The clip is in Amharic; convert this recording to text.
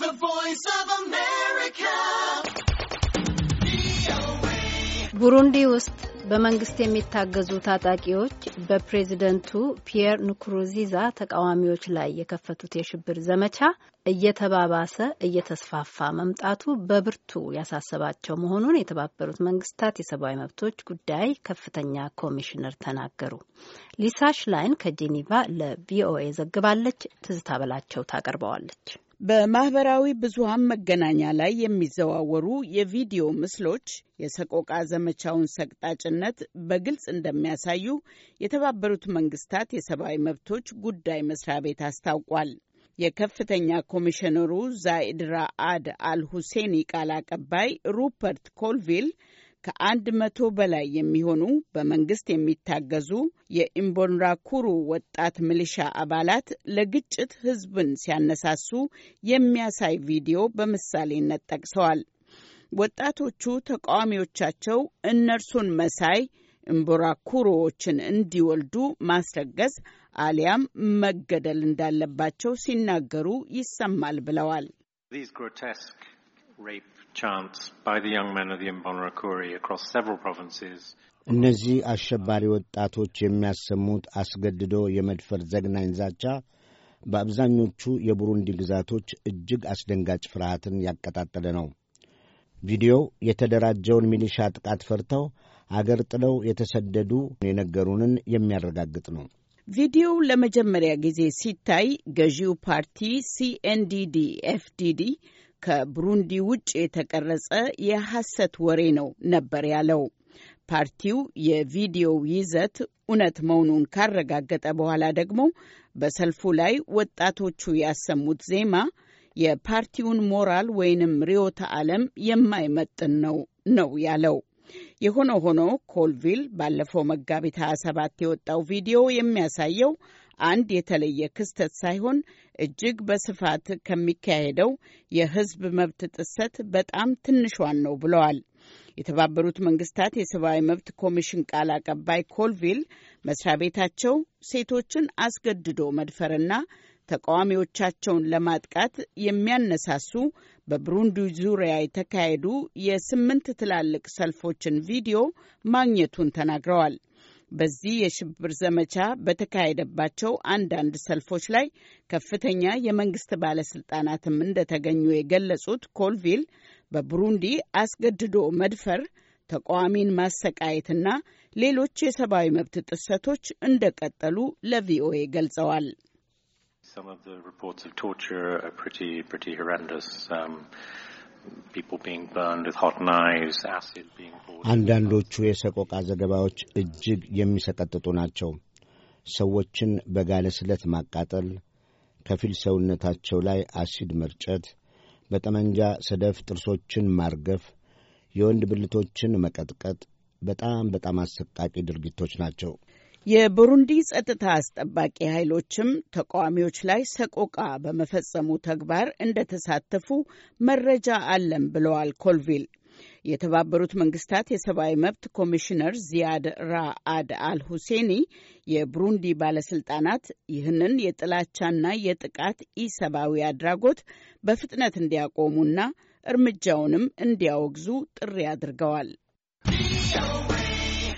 The Voice of America. ቡሩንዲ ውስጥ በመንግስት የሚታገዙ ታጣቂዎች በፕሬዝደንቱ ፒየር ንኩሩዚዛ ተቃዋሚዎች ላይ የከፈቱት የሽብር ዘመቻ እየተባባሰ እየተስፋፋ መምጣቱ በብርቱ ያሳሰባቸው መሆኑን የተባበሩት መንግስታት የሰብአዊ መብቶች ጉዳይ ከፍተኛ ኮሚሽነር ተናገሩ። ሊሳ ሽላይን ከጄኔቫ ለቪኦኤ ዘግባለች። ትዝታ በላቸው ታቀርበዋለች። በማህበራዊ ብዙሃን መገናኛ ላይ የሚዘዋወሩ የቪዲዮ ምስሎች የሰቆቃ ዘመቻውን ሰቅጣጭነት በግልጽ እንደሚያሳዩ የተባበሩት መንግስታት የሰብአዊ መብቶች ጉዳይ መስሪያ ቤት አስታውቋል። የከፍተኛ ኮሚሽነሩ ዛኢድ ራአድ አልሁሴኒ ቃል አቀባይ ሩፐርት ኮልቪል ከአንድ መቶ በላይ የሚሆኑ በመንግስት የሚታገዙ የኢምቦንራኩሩ ወጣት ሚሊሻ አባላት ለግጭት ህዝብን ሲያነሳሱ የሚያሳይ ቪዲዮ በምሳሌነት ጠቅሰዋል። ወጣቶቹ ተቃዋሚዎቻቸው እነርሱን መሳይ እምቦራኩሮዎችን እንዲወልዱ ማስረገዝ አሊያም መገደል እንዳለባቸው ሲናገሩ ይሰማል ብለዋል። chants by the young men of the Imbonerakure across several provinces. እነዚህ አሸባሪ ወጣቶች የሚያሰሙት አስገድዶ የመድፈር ዘግናኝ ዛቻ በአብዛኞቹ የቡሩንዲ ግዛቶች እጅግ አስደንጋጭ ፍርሃትን ያቀጣጠለ ነው። ቪዲዮው የተደራጀውን ሚሊሻ ጥቃት ፈርተው አገር ጥለው የተሰደዱ የነገሩንን የሚያረጋግጥ ነው። ቪዲዮው ለመጀመሪያ ጊዜ ሲታይ ገዢው ፓርቲ ሲኤንዲዲ ኤፍዲዲ ከብሩንዲ ውጭ የተቀረጸ የሐሰት ወሬ ነው ነበር ያለው። ፓርቲው የቪዲዮው ይዘት እውነት መሆኑን ካረጋገጠ በኋላ ደግሞ በሰልፉ ላይ ወጣቶቹ ያሰሙት ዜማ የፓርቲውን ሞራል ወይንም ርዕዮተ ዓለም የማይመጥን ነው ነው ያለው። የሆነ ሆኖ ኮልቪል ባለፈው መጋቢት 27 የወጣው ቪዲዮ የሚያሳየው አንድ የተለየ ክስተት ሳይሆን እጅግ በስፋት ከሚካሄደው የሕዝብ መብት ጥሰት በጣም ትንሿን ነው ብለዋል። የተባበሩት መንግስታት የሰብአዊ መብት ኮሚሽን ቃል አቀባይ ኮልቪል መስሪያ ቤታቸው ሴቶችን አስገድዶ መድፈርና ተቃዋሚዎቻቸውን ለማጥቃት የሚያነሳሱ በብሩንዲ ዙሪያ የተካሄዱ የስምንት ትላልቅ ሰልፎችን ቪዲዮ ማግኘቱን ተናግረዋል። በዚህ የሽብር ዘመቻ በተካሄደባቸው አንዳንድ ሰልፎች ላይ ከፍተኛ የመንግስት ባለስልጣናትም እንደተገኙ የገለጹት ኮልቪል በቡሩንዲ አስገድዶ መድፈር፣ ተቃዋሚን ማሰቃየትና ሌሎች የሰብአዊ መብት ጥሰቶች እንደቀጠሉ ለቪኦኤ ገልጸዋል። some of the reports of torture are pretty, pretty horrendous. Um, አንዳንዶቹ የሰቆቃ ዘገባዎች እጅግ የሚሰቀጥጡ ናቸው። ሰዎችን በጋለ ስለት ማቃጠል፣ ከፊል ሰውነታቸው ላይ አሲድ መርጨት፣ በጠመንጃ ሰደፍ ጥርሶችን ማርገፍ፣ የወንድ ብልቶችን መቀጥቀጥ በጣም በጣም አሰቃቂ ድርጊቶች ናቸው። የቡሩንዲ ጸጥታ አስጠባቂ ኃይሎችም ተቃዋሚዎች ላይ ሰቆቃ በመፈጸሙ ተግባር እንደተሳተፉ መረጃ አለን ብለዋል ኮልቪል። የተባበሩት መንግስታት የሰብአዊ መብት ኮሚሽነር ዚያድ ራአድ አል ሁሴኒ የቡሩንዲ ባለስልጣናት ይህንን የጥላቻና የጥቃት ኢሰብአዊ አድራጎት በፍጥነት እንዲያቆሙና እርምጃውንም እንዲያወግዙ ጥሪ አድርገዋል።